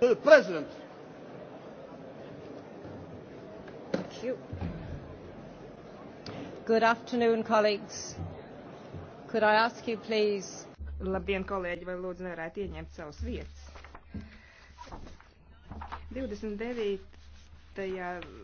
to the president. Thank you. Good afternoon, colleagues. Could I ask you please? Labdien, kolēģi, vai lūdzu nevarētu ieņemt savas vietas? 29.